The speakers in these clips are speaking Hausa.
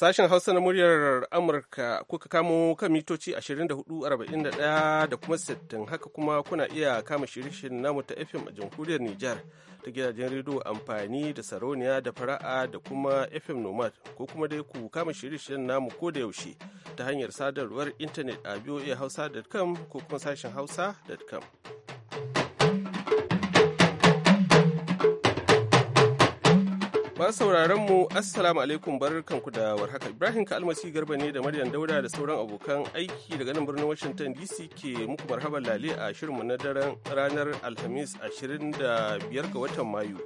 Sashen Hausa na muryar Amurka kuka kamo kan mitoci 24,41 da kuma 60 haka kuma kuna iya kama shirishin namu ta FM a jamhuriyar Nijar ta gidajen rediyo amfani da sarauniya da fara'a da kuma FM Nomad ko kuma dai ku kama shirishin namu ko da yaushe ta hanyar sadarwar intanet a biyo hausa.com ko kuma sashen hausa.com. Masu sauraron mu Assalamu alaikum barkanku da warhaka Ibrahim ka Almasi Garba ne da Maryam Dauda da sauran abokan aiki daga nan birnin Washington DC ke muku barhabar lale a shirinmu na daren ranar Alhamis 25 ga watan Mayu.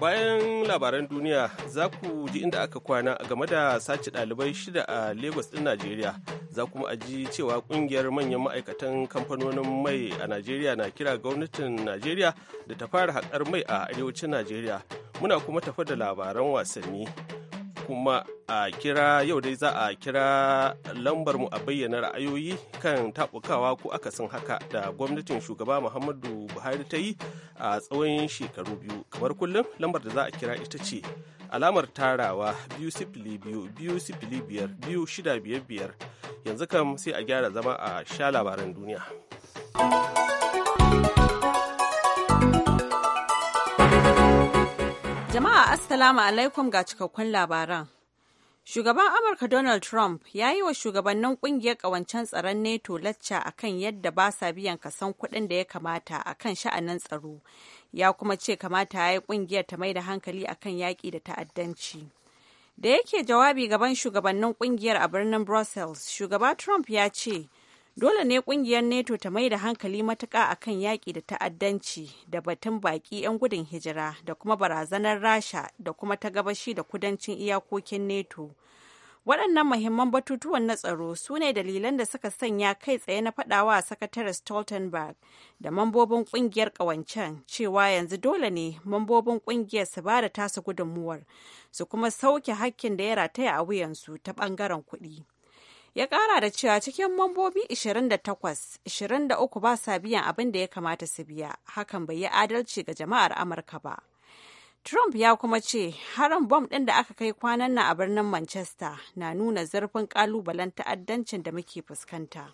Bayan labaran duniya za ku ji inda aka kwana game da sace ɗalibai shida a Lagos ɗin Najeriya. Za kuma a ji cewa ƙungiyar manyan ma'aikatan kamfanonin mai a Najeriya na kira gwamnatin Najeriya da ta fara haƙar mai a arewacin Najeriya. muna kuma tafa da labaran wasanni kuma a kira yau dai za a kira lambar mu a bayyana ra'ayoyi kan taɓukawa ko akasin haka da gwamnatin shugaba muhammadu buhari ta yi a tsawon shekaru biyu kamar kullum lambar da za a kira ita ce alamar tarawa biyu sifili biyu biyu sifili biyar biyu shida biyar biyar yanzu kam sai a gyara zama a sha labaran duniya. Jama'a Assalamu alaikum ga cikakkun labaran. Shugaban Amurka Donald Trump ya yi wa shugabannin kungiyar kawancen tsaron NATO lacca akan yadda ba sa biyan kasan kuɗin da ya kamata akan sha'anin tsaro. Ya kuma ce kamata ya yi kungiyar ta mai da hankali akan yaƙi da ta'addanci. Da yake jawabi gaban shugabannin kungiyar a birnin Brussels, shugaba Trump ya ce dole ne kungiyar neto ta mai da hankali matuƙa kan yaƙi da ta'addanci da batun baƙi 'yan gudun hijira da kuma barazanar rasha da kuma ta gabashi da kudancin iyakokin neto waɗannan mahimman batutuwan na tsaro su ne dalilan da suka sanya kai tsaye na faɗawa a sakatare stoltenberg da mambobin ƙungiyar ƙawancen cewa yanzu dole ne mambobin ƙungiyar su ba da tasa gudunmuwar su kuma sauke hakkin da ya rataya a wuyansu ta ɓangaren kuɗi. ya kara da cewa cikin mambobi 28 23 ba sa biyan abin da ya kamata su biya hakan bai yi adalci ga jama'ar amurka ba trump ya kuma ce harin bom ɗin da aka kai kwanan nan a birnin manchester na nuna zurfin kalubalen ta'addancin da muke fuskanta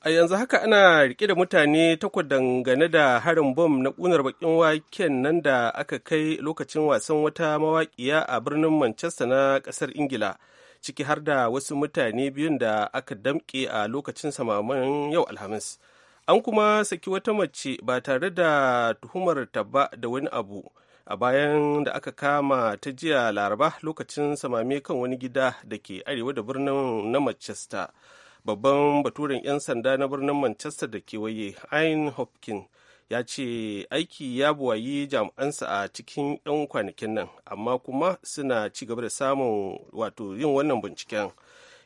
a yanzu haka ana rike da mutane takwa dangane da harin bom na kunar bakin waken nan da aka kai lokacin wasan wata mawaƙiya a birnin manchester na ƙasar ingila ciki har da wasu mutane biyun da aka damƙe a lokacin samaman yau alhamis an kuma saki wata mace ba tare da tuhumar ta ba da wani abu a bayan da aka kama ta jiya laraba lokacin samame kan wani gida da ke arewa da birnin na manchester babban baturen 'yan sanda na birnin manchester da kewaye ayn hopkins ya ce aiki ya buwayi jami'ansa a cikin 'yan kwanakin nan amma kuma suna ci gaba da samun wato yin wannan binciken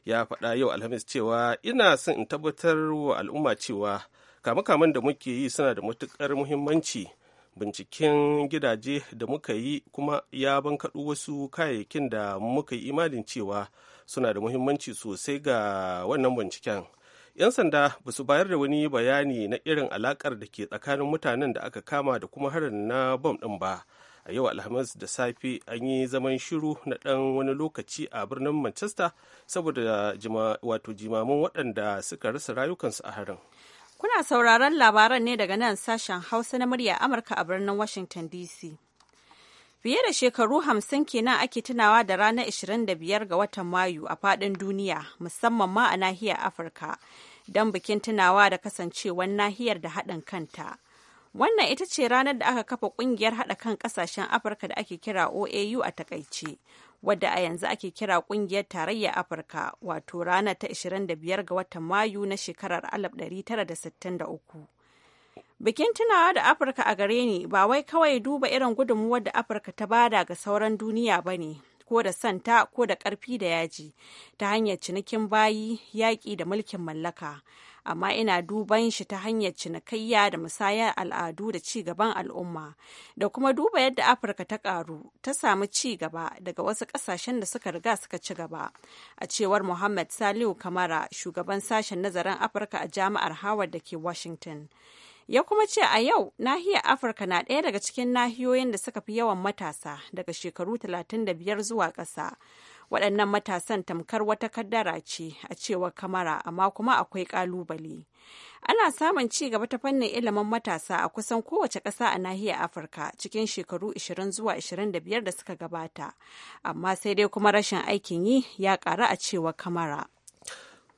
ya faɗa yau alhamis cewa ina son in tabbatar wa al'umma cewa kamakaman da muke yi suna da matuƙar muhimmanci binciken gidaje da muka yi kuma ya bankaɗo wasu kayayyakin da muka yi imanin cewa suna da muhimmanci sosai ga wannan binciken. 'Yan sanda ba su bayar da wani bayani na irin alakar da ke tsakanin mutanen da aka kama da kuma harin na bom ɗin ba. A yau Alhamis da safe an yi zaman shiru na ɗan wani lokaci a birnin Manchester saboda wato jimamin waɗanda suka rasa rayukansu a harin. Kuna sauraron labaran ne daga nan sashen Hausa na murya Amurka a birnin Washington DC. Fiye da shekaru hamsin kenan ake tunawa da ranar 25 ga watan Mayu a faɗin duniya, musamman ma a nahiyar Afirka, don bikin tunawa da kasancewar nahiyar da haɗin kanta. Wannan ita ce ranar da aka kafa ƙungiyar haɗa kan ƙasashen Afirka da ake kira OAU a takaice, wadda a yanzu ake kira ƙungiyar tarayyar Afirka, wato ranar ta 25 ga watan Mayu na shekarar 1963. Bikin tunawa da Afirka a gare ni ba wai kawai duba irin gudunmuwar da Afirka ta bada ga sauran duniya ba ne, ko da santa ko da ƙarfi da yaji, ta hanyar cinikin bayi, yaƙi da mulkin mallaka. Amma ina duban shi ta hanyar cinikayya da musayar al'adu da ci gaban al'umma, da kuma duba yadda Afirka ta ƙaru, ta samu ci gaba daga wasu ƙasashen da suka riga suka ci gaba. A cewar Muhammad Saliu Kamara, shugaban sashen nazarin Afirka a Jami'ar Howard da ke Washington. ya kuma ce a yau nahiyar afirka na ɗaya daga cikin nahiyoyin da suka fi yawan matasa daga shekaru 35 zuwa ƙasa waɗannan matasan tamkar wata kaddara ce a cewar kamara amma kuma akwai ƙalubale ana samun ci gaba ta fannin ilimin matasa a kusan kowace ƙasa a nahiyar afirka cikin shekaru 20 zuwa 25 da suka gabata amma sai dai kuma rashin aikin yi ya ƙaru a cewar kamara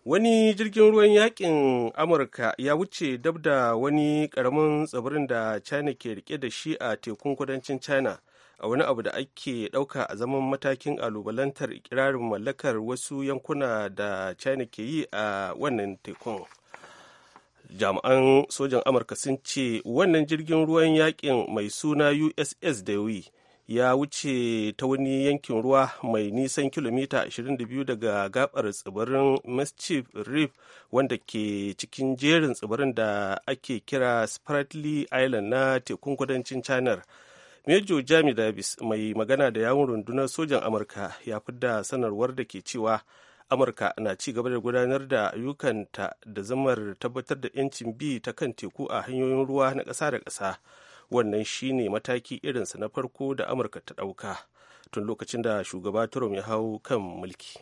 wani jirgin ruwan yakin amurka ya wuce dab da wani karamin tsibirin da china ke rike da shi a tekun kudancin china a wani abu da ake ɗauka a zaman matakin alubalantar ikirarin mallakar wasu yankuna da china ke yi a wannan tekun jami'an sojan amurka sun ce wannan jirgin ruwan yakin mai suna uss dewey ya wuce ta wani yankin ruwa mai nisan kilomita 22 daga gabar tsibirin mischief reef wanda ke cikin jerin tsibirin da ake kira spratly island na tekun kudancin china major jami davis mai magana da yawun rundunar sojan amurka ya da sanarwar da ke cewa amurka na ci gaba da gudanar da ayyukanta da zamar tabbatar da 'yancin bi ta kan teku a hanyoyin ruwa na ƙasa da ƙasa wannan shine mataki irinsa na farko da amurka ta ɗauka tun lokacin da shugaba trump ya hau kan mulki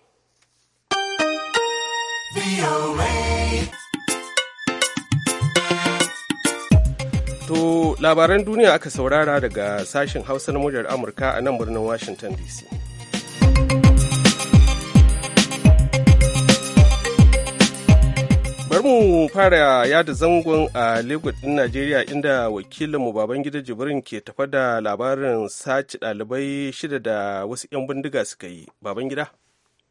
To labaran duniya aka saurara daga sashen hausa na muryar amurka a nan birnin washington dc bari mu fara yada zangon a lagos din najeriya inda wakilinmu babangida jibrin ke tafa da labarin sace ɗalibai shida da wasu 'yan bindiga suka yi babangida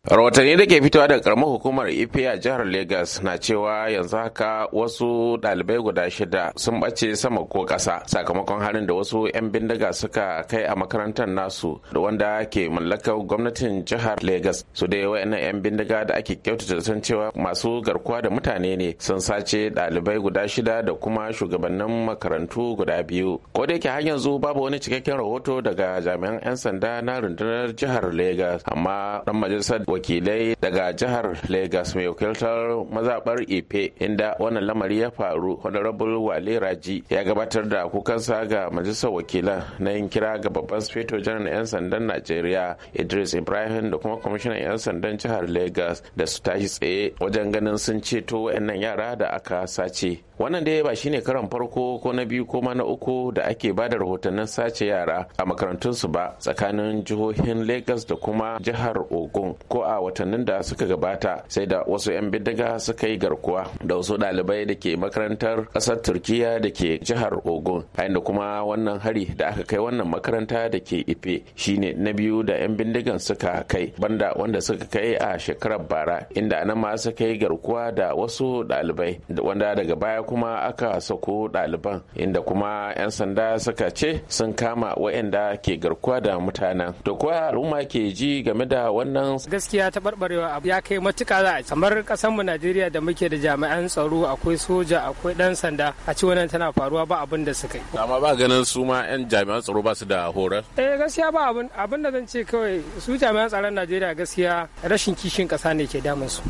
rahotanni da ke fitowa daga karamar hukumar ife a jihar Legas na cewa yanzu haka wasu dalibai guda shida sun bace sama ko kasa sakamakon harin da wasu 'yan bindiga suka kai a makarantar nasu da wanda ke mallakar gwamnatin jihar Legas. su dai wayannan 'yan bindiga da ake kyautata san cewa masu garkuwa da mutane ne sun sace dalibai guda shida da kuma shugabannin makarantu guda biyu ko da yake har yanzu babu wani cikakken rahoto daga jami'an 'yan sanda na rundunar jihar Legas, amma dan majalisar wakilai daga jihar Legas mai wakiltar mazabar Ife inda wannan lamari ya faru Honorable Wale Raji ya gabatar da kukansa ga majalisar wakilan na yin kira ga babban sufeto janar 'yan sandan Najeriya Idris Ibrahim da kuma kwamishinan 'yan sandan jihar lagos da su tashi tsaye wajen ganin sun ceto wayannan yara da aka sace. Wannan dai ba shine karan farko ko na biyu ko ma na uku da ake ba da rahotannin sace yara a makarantunsu ba tsakanin jihohin lagos da kuma jihar Ogun ko a watannin da suka gabata sai da wasu 'yan bindiga suka yi garkuwa da wasu ɗalibai da ke makarantar kasar turkiya da ke jihar ogun a inda kuma wannan hari da aka kai wannan makaranta da ke ife shine na biyu da 'yan bindigan suka kai banda wanda suka kai a shekarar bara inda nan ma suka yi garkuwa da wasu dalibai wanda daga baya kuma aka sako ɗaliban inda kuma 'yan sanda suka ce sun kama wa'anda ke garkuwa da mutanen to kuwa al'umma ke ji game da wannan gaskiya ta barbarewa abu ya kai matuka za a kamar kasanmu Najeriya da muke da jami'an tsaro akwai soja akwai dan sanda a ci wannan tana faruwa ba abin da suka yi. Amma ba ganin su ma 'yan jami'an tsaro ba su da horar? Eh gaskiya ba abin abin da zan ce kawai su jami'an tsaron Najeriya gaskiya rashin kishin kasa ne ke damun su.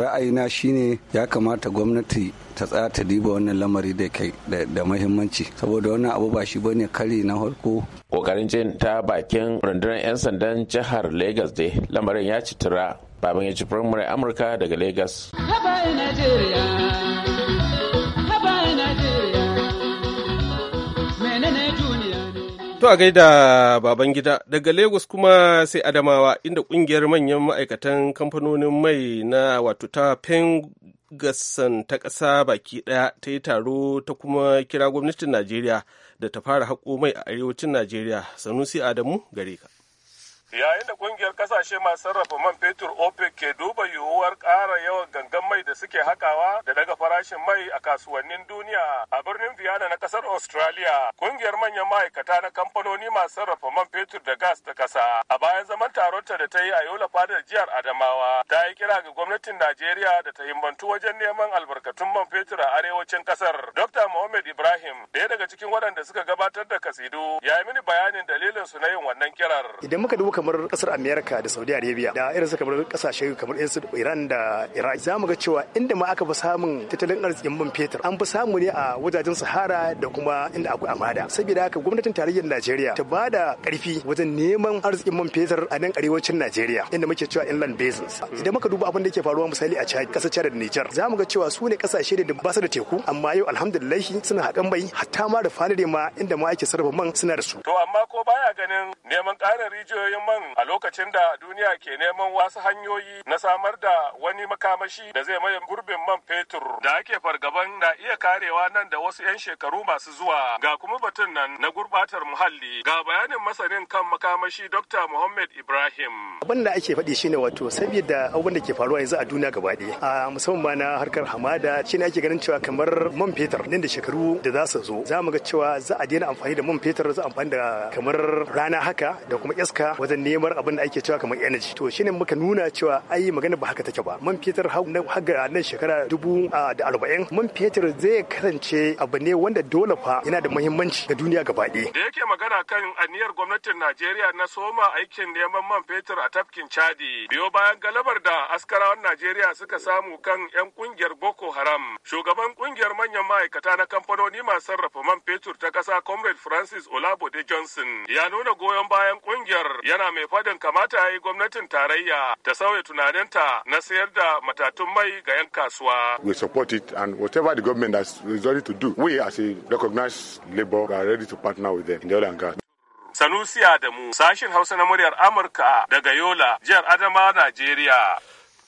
Ra'ayina shine ya kamata gwamnati ta tsaya ta diba wannan lamari da kai da mahimmanci saboda wannan abu ba shi bane kari na harko kokarin jin ta bakin rundunar 'yan sandan jihar lagos dai lamarin ya ci tura baban ya ci firamare amurka daga lagos To a gaida baban gida daga Lagos kuma sai Adamawa inda kungiyar manyan ma'aikatan kamfanonin mai na wato ta gasan ta ƙasa baki ɗaya ta yi taro ta kuma kira gwamnatin najeriya da ta fara haƙo mai a arewacin najeriya sanusi adamu gare ka yayin da kungiyar kasashe masu sarrafa man fetur opec ke duba yiwuwar ƙara yawan gangan mai da suke hakawa da daga farashin mai a kasuwannin duniya a birnin Viana na kasar australia kungiyar manyan ma'aikata na kamfanoni masu sarrafa man fetur da gas ta kasa a bayan zaman taronta da ta yi a yola fadar jihar adamawa ta yi kira ga gwamnatin najeriya da ta himmantu wajen neman albarkatun man fetur a arewacin kasar dr mohammed ibrahim ɗaya daga cikin waɗanda suka gabatar da kasidu ya yi mini bayanin dalilinsu na yin wannan kirar idan kamar kasar america da saudi arabia da irin su kamar kasashe kamar irin su iran da iraq za mu ga cewa inda ma aka fi samun tattalin arzikin man fetur an fi samu ne a wajajen sahara da kuma inda akwai amada saboda haka gwamnatin tarayyar najeriya ta ba da karfi wajen neman arzikin man fetur a nan arewacin najeriya inda muke cewa inland basins idan muka duba abin da ke faruwa misali a chad kasar chad da niger za mu ga cewa su ne kasashe da ba su da teku amma yau alhamdulillah suna haƙan bai hatta ma da fanire ma inda ma ake sarrafa man suna da su to amma ko baya ganin neman ƙarin rijiyoyin musamman a lokacin da duniya ke neman wasu hanyoyi na samar da wani makamashi da zai maye gurbin man fetur da ake fargaban na iya karewa nan da wasu 'yan shekaru masu zuwa ga kuma batun nan na gurbatar muhalli ga bayanin masanin kan makamashi dr muhammad ibrahim abin da ake faɗi shine wato saboda abubuwan da ke faruwa yanzu a duniya gaba ɗaya a musamman na harkar hamada shine ake ganin cewa kamar man fetur nan da shekaru da za su zo za mu ga cewa za a daina amfani da man fetur za a amfani da kamar rana haka da kuma iska wajen wajen neman abin da ake cewa kamar energy to shine muka nuna cewa ai magana ba haka take ba man fetur haga nan shekara dubu da arba'in man fetur zai kasance abu ne wanda dole fa yana da muhimmanci ga duniya gaba da yake magana kan aniyar gwamnatin najeriya na soma aikin neman man fetur a tafkin chadi biyo bayan galabar da askarawan najeriya suka samu kan yan kungiyar boko haram shugaban kungiyar manyan ma'aikata na kamfanoni masu sarrafa man fetur ta kasa comrade francis olabode johnson ya nuna goyon bayan kungiyar yana yana mai faɗin kamata ya yi gwamnatin tarayya ta sauya tunaninta na sayar da matatun mai ga 'yan kasuwa. We support it and whatever the government has resolved to do, we as a recognized labor are ready to partner with them in the oil and gas. Sanusi Adamu, sashin Hausa na muryar Amurka daga Yola, jihar Adama, Najeriya.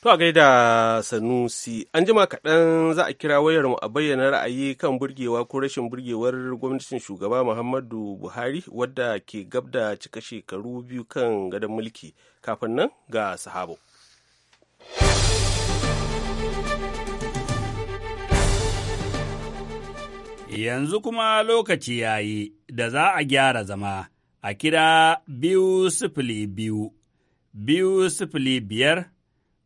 To a gaida Sanusi, an jima kaɗan za a kira wayar mu a bayyana ra'ayi kan burgewa ko rashin burgewar gwamnatin shugaba Muhammadu Buhari wadda ke gab da cika shekaru biyu kan gadon mulki kafin nan ga sahabo. Yanzu kuma lokaci ya yi da za a gyara zama a kira biyu sifili biyu, biyu sifili biyar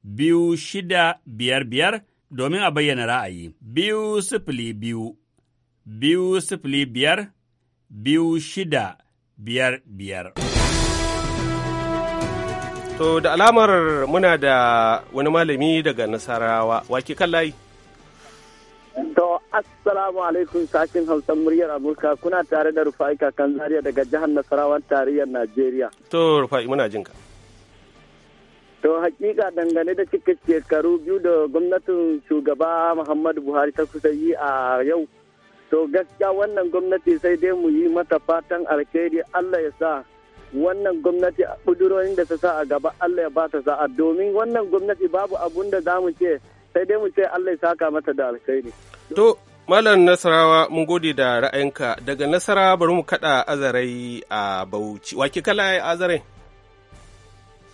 biyu shida biyar biyar domin a bayyana ra'ayi. Biyu sifili biyu, biyu sifili biyar, biyu shida biyar biyar. To da alamar muna da wani malami daga Nasarawa, wake kan layi. To, Assalamu alaikum sakin Hausa muryar Amurka kuna tare da Rufa'i Kakan zariya daga jihar Nasarawan tarayyar Najeriya. To, Rufa'i muna jinka. To hakika dangane da cikin shekaru biyu da gwamnatin shugaba Muhammadu Buhari ta kusa yi a yau. To gaskiya wannan gwamnati sai dai mu yi mata fatan alkhairi Allah ya sa wannan gwamnati a ƙudurorin da ta sa a gaba Allah ya ba ta sa'a domin wannan gwamnati babu abun da za mu ce sai dai mu ce Allah ya saka mata da alkhairi. To Malam Nasarawa mun gode da ra'ayinka daga Nasarawa bari mu kaɗa azarai a Bauchi. Wake kala azarai?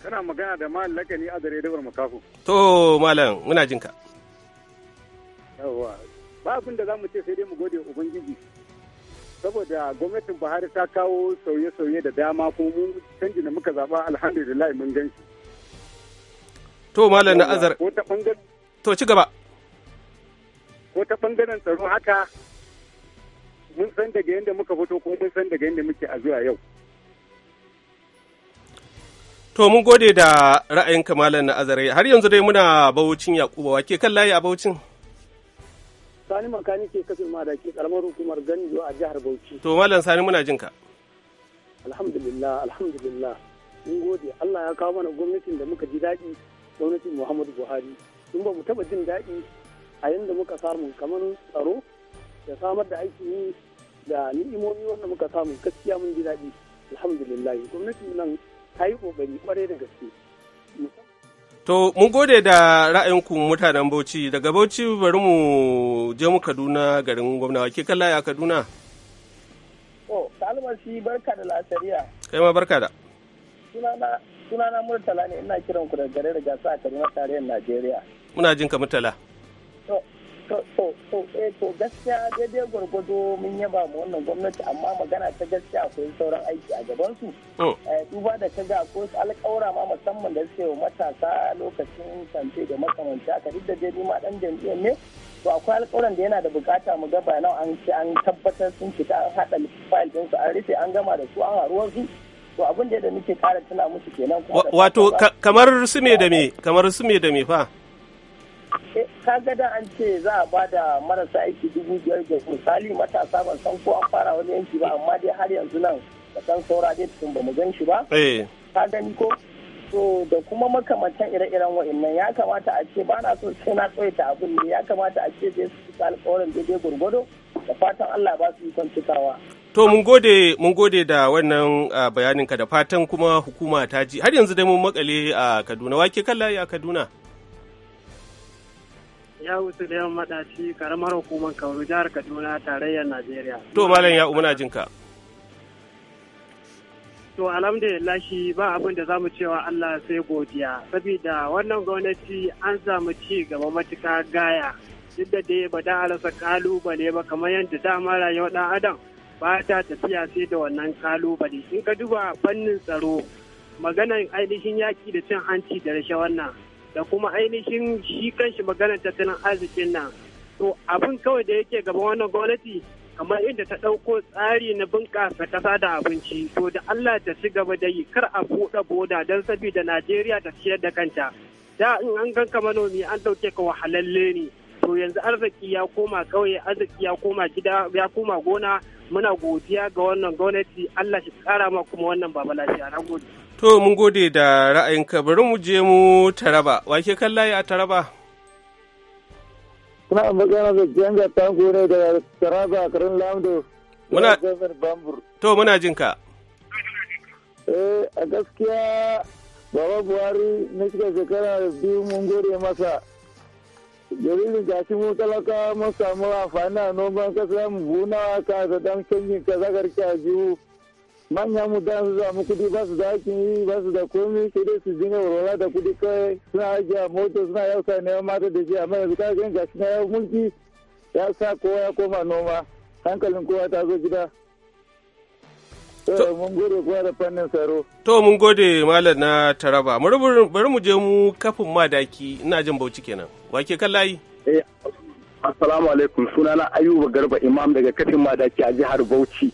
Kana magana da Malam Lakani Azare Dabar Makafu. To Malam muna jin ka. Yawwa ba abin da za mu ce sai dai mu gode Ubangiji. Saboda gwamnatin Buhari ta kawo sauye-sauye da dama ko mun canji da muka zaba alhamdulillah mun gan shi. To Malam na azar Ko ta To ci gaba. Ko ta ɓangaren tsaro haka mun san daga yadda muka fito ko mun san daga yadda muke a zuwa yau. To mun gode da ra'ayin kamalan na azare har yanzu dai muna baucin Yakubu wake kan layi a bawucin. Sani makani ke kafin ma da ke karamar hukumar Ganjo a jihar Bauchi. To malam Sani muna jin ka. Alhamdulillah alhamdulillah mun gode Allah ya kawo mana gwamnatin da muka ji daɗi gwamnatin Muhammadu Buhari. sun ba mu taɓa jin daɗi a yanda muka samu kamar tsaro da samar da aiki yi da ni'imomi wanda muka samu gaskiya mun ji daɗi alhamdulillah gwamnatin nan ta yi ƙoƙari kwarai da gaske. To, mun gode da ra'ayinku mutanen Bauchi, daga Bauchi bari mu je mu Kaduna garin gwamna, ke kalla ya Kaduna? Oh, almasi barka da lasariya. Kai ma barka da. Sunana Murtala ne ina kiran ku da gare da gasa a Kaduna tarayyar Najeriya. Muna jin ka Murtala. To, Eh, to gaskiya daidai gwargwado mun yaba mu wannan gwamnati amma magana ta gaskiya akwai sauran aiki a gabansu eh, duba da ta ga akwai alƙawura ma musamman da suke wa matasa lokacin kamfe da makamanta ka duk da dai ma dan jam'iyyar ne to akwai alƙawuran da yana da bukata mu ga bayanan an ce an tabbatar sun fita an haɗa fayil su an rufe an gama da su an haruwar su to abin da muke ƙara tuna musu kenan wato kamar su me da me kamar su me da me fa ka ga da an ce za a ba da marasa aiki dubu biyar da misali matasa ban san ko an fara wani yanki ba amma dai har yanzu nan da san saura dai tun ba mu gan shi ba eh. ka gani ko so da kuma makamantan ire-iren wa'annan ya kamata a ce ba na so sai na tsoyata abin ne ya kamata a ce dai su alƙawarin daidai gwargwado da fatan Allah ba su yi cikawa. To mun gode mun gode da wannan ka, da fatan kuma hukuma ta ji har yanzu dai mun makale a Kaduna wake layi a Kaduna. ya wuce da yawan madashi karamar hukumar Kauru jihar Kaduna tarayyar Najeriya. To malam ya umuna jinka. To alhamdulillah shi ba abin da zamu cewa Allah sai godiya saboda wannan gwamnati an samu ci gaba matuka gaya duk da dai ba da alasa kalubale ba kamar yadda dama rayuwar dan adam ba ta tafiya sai da wannan kalubale in ka duba fannin tsaro maganar ainihin yaƙi da cin hanci da rashe wannan da kuma ainihin shi kanshi maganar tattalin arzikin nan to abin kawai da yake gaba wannan gwamnati kamar inda ta ɗauko tsari na bunƙasa ƙasa da abinci to da Allah ta ci gaba da yi kar a buɗe boda don saboda Najeriya ta ciyar da kanta da in an ka manomi an ɗauke ka wahalalle ne to yanzu arziki ya koma ƙauye arziki ya koma gida ya koma gona muna godiya ga wannan gwamnati Allah shi ƙara ma kuma wannan baba lafiya na gobe. To mun gode da ra'ayinka bari mu je mu Taraba. Wake kan layi a Taraba? Kuna magana da ga ta gore da Taraba karin Lamdo. bambur. To muna jin ka. Eh a gaskiya Baba Buhari na cika shekara biyu mun gode masa. da shi mu talaka mun samu amfani a noman kasa mu buna ka da canjin ka zagar ka jiwu. manya mu da su zama kudi ba su da hakin yi ba su da komi sai dai su dinga walwala da kudi kai suna ajiya mota suna yauka neman mata da shi amma yanzu ka gan gashi na yau mulki ya sa kowa ya koma noma hankalin kowa ta zo gida. mun gode kuwa da fannin tsaro. To mun gode malam na Taraba. Bari mu je mu kafin madaki ina jin Bauchi kenan. Wake kan layi? Eh. Assalamu alaikum sunana Ayuba Garba Imam daga kafin madaki a jihar Bauchi.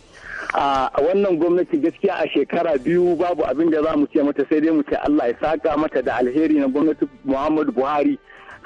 a wannan gwamnati gaskiya a shekara biyu babu abin da za mu ce mata sai dai mu ce Allah ya saka mata da alheri na gwamnati Muhammadu Buhari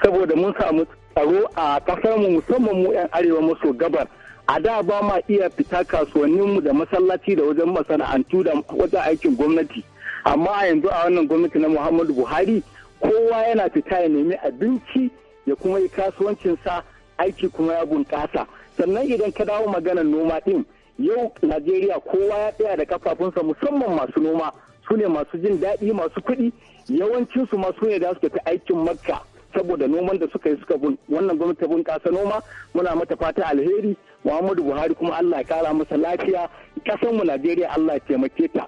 saboda mun samu tsaro a kasar mu musamman mu 'yan arewa maso gabar a da ba ma iya fita kasuwannin mu da masallaci da wajen masana'antu da wajen aikin gwamnati amma a yanzu a wannan gwamnati na Muhammadu Buhari kowa yana fita ya nemi abinci ya kuma yi kasuwancinsa aiki kuma ya bunƙasa sannan idan ka dawo maganar noma din. yau najeriya kowa ya tsaya da kafafunsa musamman masu noma su ne masu jin daɗi masu kuɗi yawancinsu masu ne da suka fi aikin makka saboda noman da suka yi suka bun wannan gwamnati bunƙasa noma muna mata fata alheri muhammadu buhari kuma allah ya kara masa lafiya mu najeriya allah ya taimake ta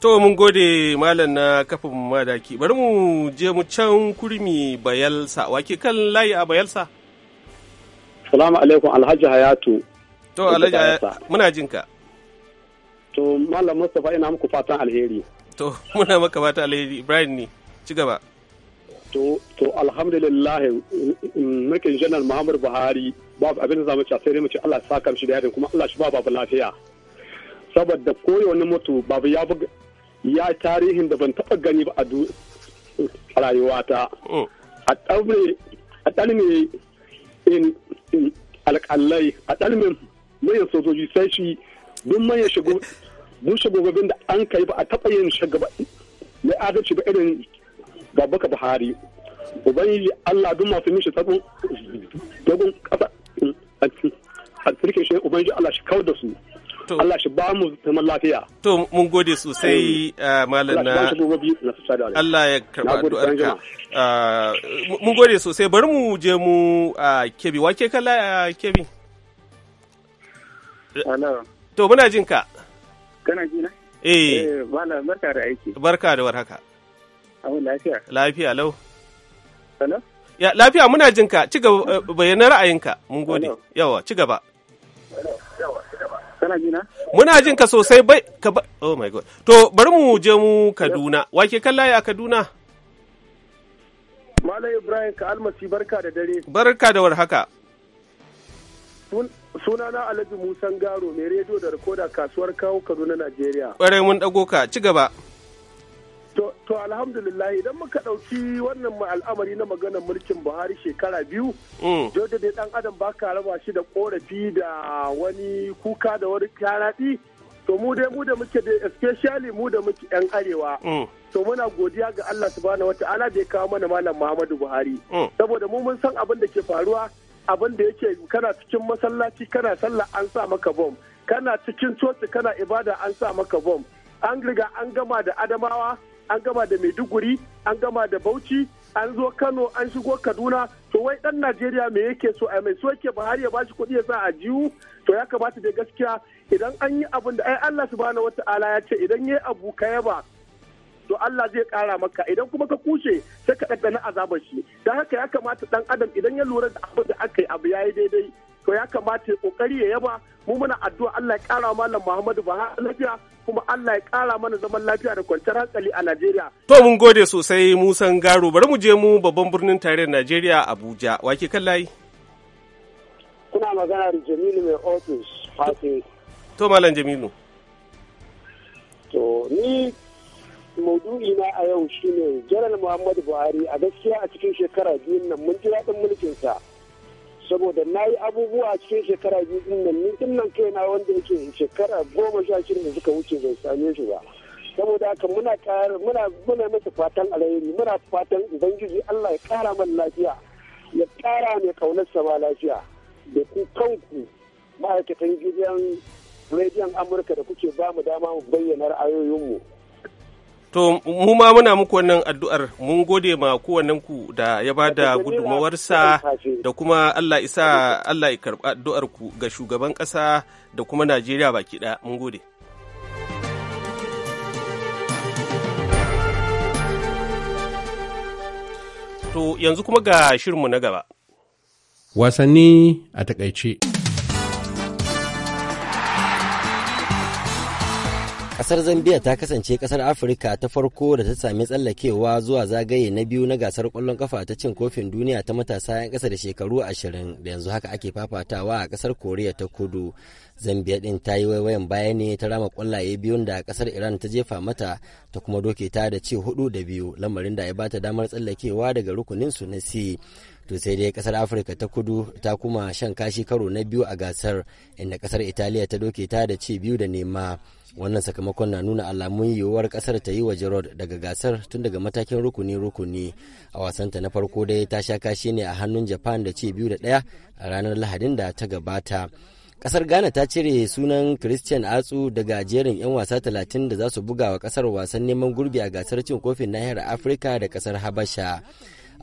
to mun gode malam na kafin madaki bari mu je mu can kurmi bayelsa wake kan layi a bayelsa salamu alaikum alhaji hayatu To Alhaji eh, muna jin ka. To Malam Mustapha ina muku fatan alheri. To muna maka fatan alheri Ibrahim ne ci gaba. To to alhamdulillah mm, mm, mulkin janar Muhammad Buhari babu abin da zamu ci sai mu ci Allah ya saka shi da yadin kuma Allah shi ba babu lafiya. Saboda koyo mutu babu ya ya tarihin da ban taba gani ba a rayuwata. Oh. A ɗalme a ɗalme in alƙalai a ɗalmin manyan sojoji sai shi duk manyan shugabobin da an kai ba a taɓa yin shugaba mai adalci ba irin babbaka buhari ubangiji allah duk masu mishi sabon dogon ƙasa a cikin shi ubangiji allah shi kawar da su Allah shi ba mu zaman lafiya. To mun gode sosai eh, malam na Allah ya karɓa ka. Mun gode sosai bari mu je mu eh, kebi wake kala eh, kebi. To muna jin ka. Kana jina? na? Eh. Bala eh, barka da aiki. Barka da warhaka. Abu lafiya. Lafiya lau. Hello? Ya lafiya muna jin ka. Ci gaba eh, bayyana ra'ayinka. Mun gode. Yawa, ci gaba. Kana jina? Muna jin ka sosai bai ka ba Oh my god. To bari mu je mu Kaduna. Wake kallaye a Kaduna? Malam Ibrahim ka almasi barka da dare. Barka da warhaka. sunana alhaji musan garo mai rediyo da rikoda kasuwar kawo kaduna najeriya ƙwarai mun ɗago ka ci gaba to, alhamdulillah idan muka ɗauki wannan al'amari na maganar mulkin buhari shekara biyu mm. dole dai ɗan adam ba ka raba shi da korafi da wani kuka da wani karaɗi to mu dai mu da muke da especially mu da muke yan arewa mm. to muna godiya ga Allah subhanahu wata'ala da ya kawo mana malam Muhammadu Buhari mm. saboda mu mun san abin da ke faruwa abin da yake kana cikin masallaci kana sallah an sa maka bom kana cikin coci kana ibada an sa maka bom an riga an gama da adamawa an gama da maiduguri an gama da bauchi an zo kano an shigo kaduna to wai dan najeriya me yake so a mai so yake hari ya bashi kuɗi ya sa a jiwu to ya kamata da gaskiya idan an yi abin da ai allah subhanahu wataala ya ce idan ya abu ka yaba to Allah zai kara maka idan kuma ka kushe sai ka ɗanɗana azabar shi dan haka ya kamata dan adam idan ya lura da abu da aka yi abu ya yi daidai to ya kamata ya kokari ya yaba mu muna addu'a Allah ya kara mallam Muhammadu Buhari lafiya kuma Allah ya kara mana zaman lafiya da kwanciyar hankali a Najeriya. To mun gode sosai Musan Garo bari mu je mu babban birnin tarayyar Najeriya Abuja wake kallai Kuna magana da Jamilu mai office Fati. To Malam Jamilu. To ni maudu'i na a yau shine janar muhammadu buhari a gaskiya a cikin shekara biyun nan mun ji daɗin mulkinsa saboda na yi abubuwa a cikin shekara biyu nan ni din nan na wanda yake shekara goma sha shirin da suka wuce bai same shi ba saboda haka muna ƙara muna muna masa fatan alheri muna fatan ubangiji Allah ya ƙara man lafiya ya ƙara mai kaunarsa ba lafiya da ku kanku ma'aikatan gidan rediyon amurka da kuke ba mu dama mu bayyana ra'ayoyinmu To mu ma muna muku wannan addu'ar mun gode ma kowannen ku da ya ba da gudunmawarsa da kuma Allah isa Allah ya karɓi addu'ar ku ga shugaban ƙasa da kuma Najeriya baki ɗaya mun gode. To yanzu kuma ga shirinmu na gaba. Wasanni a takaice. Kasar Zambia ta kasance kasar Afirka ta farko da ta sami tsallakewa zuwa zagaye na biyu na gasar kwallon kafa ta cin kofin duniya ta matasa 'yan kasa da shekaru ashirin da yanzu haka ake fafatawa a kasar Koriya ta kudu. Zambia din ta yi waiwayan baya ne ta rama kwallaye biyun da kasar Iran ta jefa mata ta kuma doke ta da ci hudu da biyu lamarin da ya bata damar tsallakewa daga rukunin su na C. to sai dai kasar afirka ta kudu ta kuma shan kashi karo na biyu a gasar inda kasar italiya ta doke ta da ci biyu da nema wannan sakamakon na nuna alamun yiwuwar kasar ta yi wa jerod daga gasar tun daga matakin rukuni-rukuni a wasanta na farko dai ta sha kashi ne a hannun japan da ce biyu da daya a ranar lahadin da ta gabata kasar ghana ta cire sunan christian atsu daga jerin 'yan wasa talatin da za su buga wa kasar wasan neman gurbi a gasar cin kofin nahiyar afirka da kasar habasha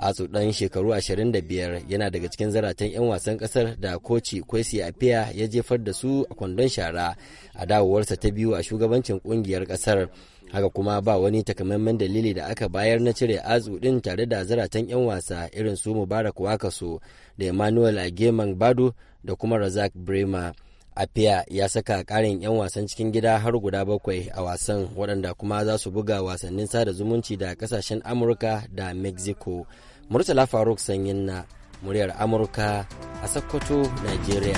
Atsu ɗan shekaru 25 yana daga cikin zaratan 'yan wasan ƙasar da koci Kwesi Apia ya jefar da su a kwandon shara a dawowarsa ta biyu a shugabancin ƙungiyar ƙasar. Haka kuma ba wani takamaiman dalili da aka bayar na cire Atsu ɗin tare da zaratan 'yan wasa irin su Mubarak Wakaso da Emmanuel Ageman Bado da kuma Razak Bremer. Apia ya saka ƙarin 'yan wasan cikin gida har guda bakwai a wasan waɗanda kuma za su buga wasannin sada zumunci da kasashen Amurka da Mexico. Murtala Faruk Sanyin na muryar Amurka a Sokoto, Najeriya.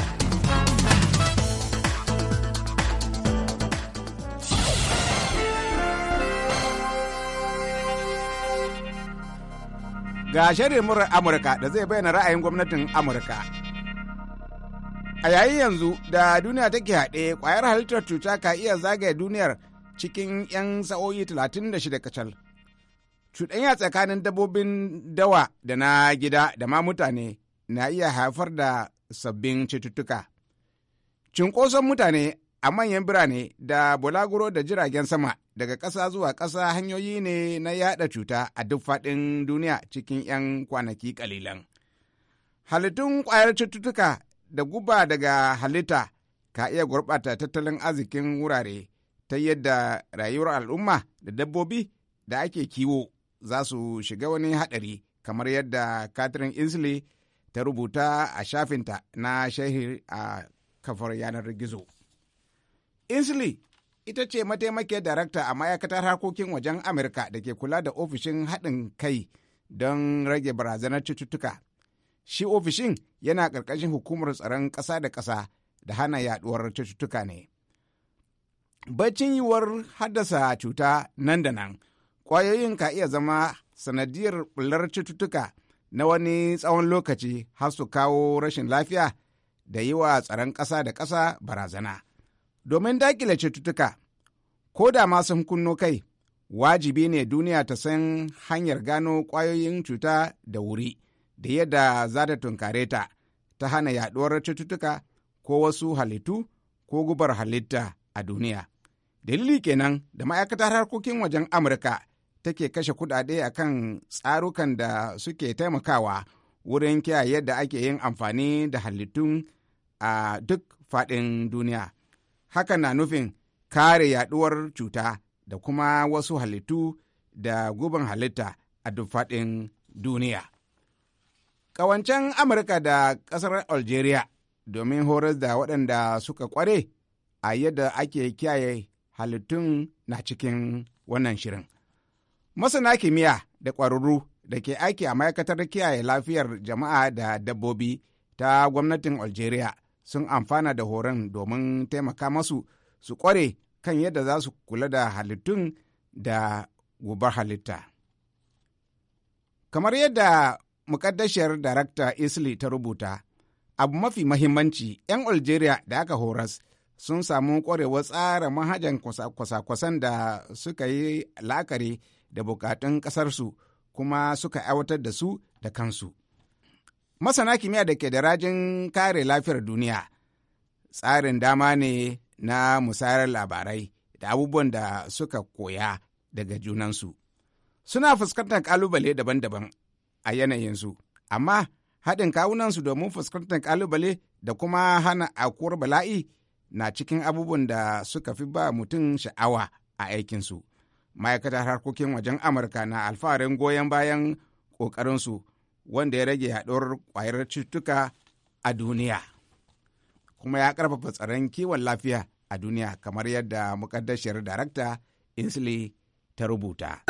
Ga shirin murar Amurka da zai bayyana ra'ayin gwamnatin Amurka. A yayin yanzu da duniya take haɗe, kwayar halittar cuta ka iya zagaya duniyar cikin 'yan sa'o'i 36 kacal. cuɗanya tsakanin dabbobin dawa da na gida da ma mutane na iya haifar da sabbin cututtuka. Cinkoson mutane a manyan birane da bulaguro da jiragen sama daga ƙasa zuwa ƙasa hanyoyi ne na yaɗa cuta a duk faɗin duniya cikin 'yan kwanaki ƙalilan. Halittun ƙwayar cututtuka da guba daga halitta ka iya gurɓata tattalin arzikin wurare ta yadda rayuwar al'umma da dabbobi da ake kiwo za su shiga wani haɗari kamar yadda Catherine insley ta rubuta a shafinta na shahir a kafar yanar gizo. insley ita ce mataimakiyar darakta a ma'aikatar harkokin wajen Amurka da ke kula da ofishin haɗin kai don rage barazanar cututtuka. Shi ofishin yana ƙarƙashin hukumar tsaron ƙasa da ƙasa da hana yaɗuwar cututtuka ne. Baccin yiwuwar haddasa cuta nan da nan. kwayoyin ka iya zama sanadiyar bular cututtuka na wani tsawon lokaci har su kawo rashin lafiya da yi wa tsaron ƙasa da ƙasa barazana. Domin dakile cututtuka, ko da masu hukunno kai, wajibi ne duniya ta san hanyar gano kwayoyin cuta da wuri da yadda za ta tunkare ta ta hana yaɗuwar cututtuka ko wasu halittu ko gubar halitta a duniya. Dalili kenan da ma'aikatar harkokin wajen Amurka take kashe kudade a kan tsarukan da suke taimakawa wurin kiyaye yadda ake yin amfani da halittun a duk faɗin duniya. Hakan na nufin kare yaɗuwar cuta da kuma wasu halittu da guban halitta a duk faɗin duniya. Ƙawancen Amurka da ƙasar Algeria domin horar da waɗanda suka kware a yadda ake kiyaye halittun na cikin wannan shirin. Masana kimiyya da ƙwararru da ke aiki a ma'aikatar kiyaye lafiyar jama'a da dabbobi ta gwamnatin Algeria sun amfana da horon domin taimaka masu su ƙware kan yadda za su kula da halittun da gubar halitta. Kamar yadda mukaddashiyar darakta Isli ta rubuta, abu mafi mahimmanci 'yan Algeria da aka horas sun samu ƙwarewar tsara mahajan kwasa-kwasan da suka yi la'akari da bukatun ƙasarsu kuma suka aiwatar da su da kansu. Masana kimiyya da ke da rajin kare lafiyar duniya tsarin dama ne na musayar labarai da abubuwan da suka koya daga junansu. Suna fuskantar ƙalubale daban-daban a yanayinsu, amma haɗin kawunansu domin fuskantar ƙalubale da kuma hana akuwar bala'i na cikin abubuwan da suka fi ba mutum sha'awa a aikinsu. ma'aikatar harkokin wajen amurka na alfaharin goyon bayan ƙoƙarinsu wanda ya rage yaɗuwar kwayar cututtuka a duniya kuma ya ƙarfafa tsaron kiwon lafiya a duniya kamar yadda mukaddashiyar darakta insley ta rubuta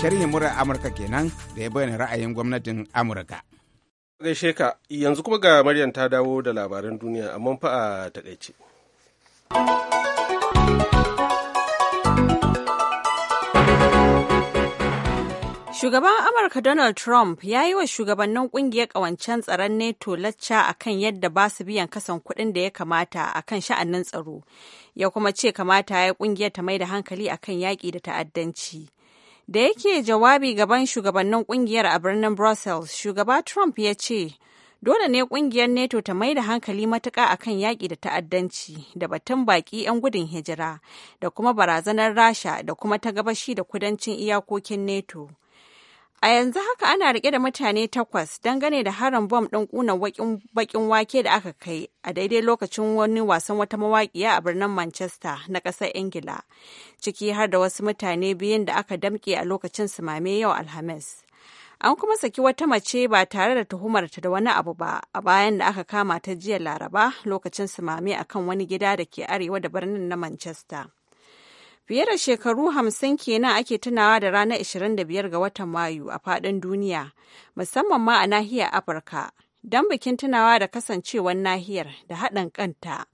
sharhin mura amurka kenan da ya bayyana ra'ayin gwamnatin amurka gaishe ka yanzu kuma ga maryam ta dawo da labaran duniya amma fa a takaice. Shugaban Amurka Donald Trump ya yi wa shugabannin kungiyar ƙawancen tsaron neto lacca a kan yadda ba su biyan kasan kuɗin da ya kamata a kan sha'anin tsaro, ya kuma ce kamata ya kungiyar ta mai da hankali kan yaƙi da ta'addanci. Da yake jawabi gaban shugabannin kungiyar a birnin Brussels, shugaba Trump ya ce, dole ne kungiyar neto ta mai da hankali matuka akan yaƙi da ta'addanci da batun baƙi 'yan gudun hijira da kuma barazanar rasha da kuma ta gabashi da kudancin iyakokin neto a yanzu haka ana rike da mutane takwas dangane da harin bom ɗin ƙunan baƙin wake da aka kai a daidai lokacin wani wasan wata mawaƙiya a birnin manchester na ƙasar ingila ciki har da wasu mutane biyun da aka damƙe a lokacin sumame yau alhamis An kuma saki wata mace ba tare da tuhumarta da wani abu ba a bayan da aka kama ta jiya Laraba lokacin sumame a kan wani gida da ke arewa da birnin na Manchester. Fiye da shekaru hamsin kenan ake tunawa da ranar 25 ga watan Mayu a fadin duniya, musamman ma a nahiyar Afirka, don bikin tunawa da kasancewar nahiyar da haɗin kanta.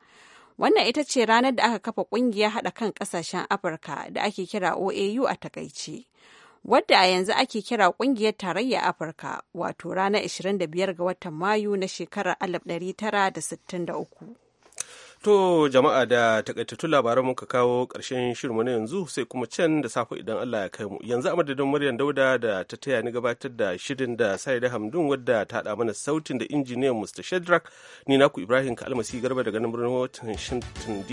Wannan ita ce ranar da aka kafa ƙungiyar haɗa kan ƙasashen Afirka da ake kira OAU a takaice. wadda a yanzu ake kira kungiyar tarayya afirka wato ranar 25 ga watan mayu na shekarar 1963 To jama'a da takaitattu labaran muka kawo karshen shirin na yanzu sai kuma can da safe idan Allah ya kai mu. Yanzu a madadin muryar Dauda da ta taya ni gabatar da shirin da Sa'ida Hamdun wadda ta haɗa mana sautin da injiniyan Mr. shadrack ni naku Ibrahim almasi Garba daga nan birnin Washington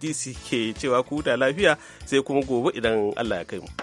DC ke cewa ku huta lafiya sai kuma gobe idan Allah ya kai mu.